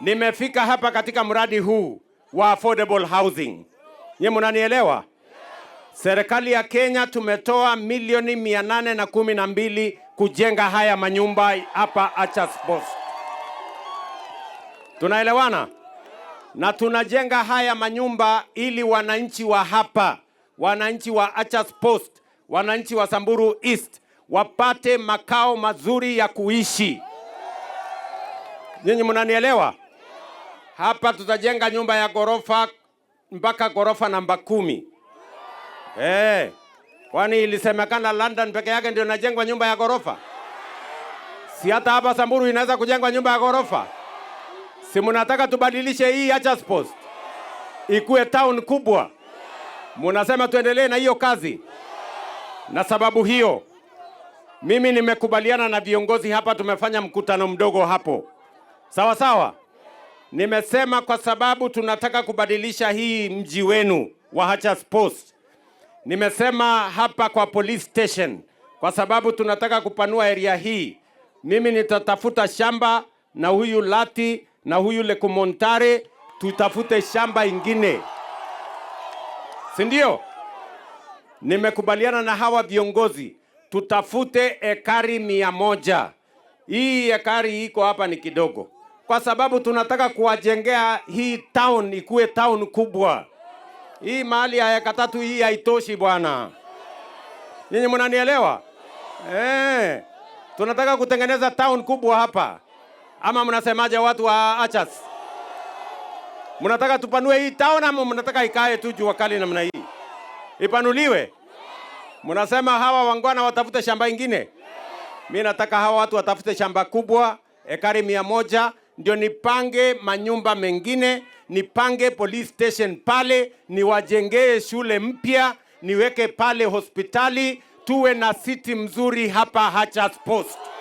Nimefika hapa katika mradi huu wa affordable housing. Nyie mnanielewa? Serikali ya Kenya tumetoa milioni mia nane na kumi na mbili kujenga haya manyumba hapa Achas Post. Tunaelewana? Na tunajenga haya manyumba ili wananchi wa hapa, wananchi wa Achas Post, wananchi wa Samburu East wapate makao mazuri ya kuishi. Nyinyi mnanielewa? Hapa tutajenga nyumba ya ghorofa mpaka ghorofa namba kumi. Hey, eh, kwani ilisemekana London peke yake ndio inajengwa nyumba ya ghorofa? Si hata hapa Samburu inaweza kujengwa nyumba ya ghorofa? Si mnataka tubadilishe hii Achas Post ikuwe town kubwa? Munasema tuendelee na hiyo kazi. Na sababu hiyo mimi nimekubaliana na viongozi hapa, tumefanya mkutano mdogo hapo, sawa sawa. Nimesema kwa sababu tunataka kubadilisha hii mji wenu wa Hachas Post. Nimesema hapa kwa police station kwa sababu tunataka kupanua area hii. Mimi nitatafuta shamba na huyu Lati na huyu Lekumontare, tutafute shamba ingine, si ndio? Nimekubaliana na hawa viongozi tutafute ekari mia moja. Hii ekari iko hapa ni kidogo kwa sababu tunataka kuwajengea hii town ikuwe town kubwa. Hii mahali ya eka tatu hii haitoshi bwana, nyinyi mnanielewa eh? Tunataka kutengeneza town kubwa hapa, ama mnasemaje watu wa Achas? Mnataka tupanue hii town ama mnataka ikae tu jua kali namna hii? Ipanuliwe? Mnasema hawa wangwana watafute shamba ingine? mi nataka hawa watu watafute shamba kubwa ekari mia moja ndio nipange manyumba mengine, nipange police station pale, niwajengee shule mpya, niweke pale hospitali, tuwe na siti mzuri hapa Hachas Post.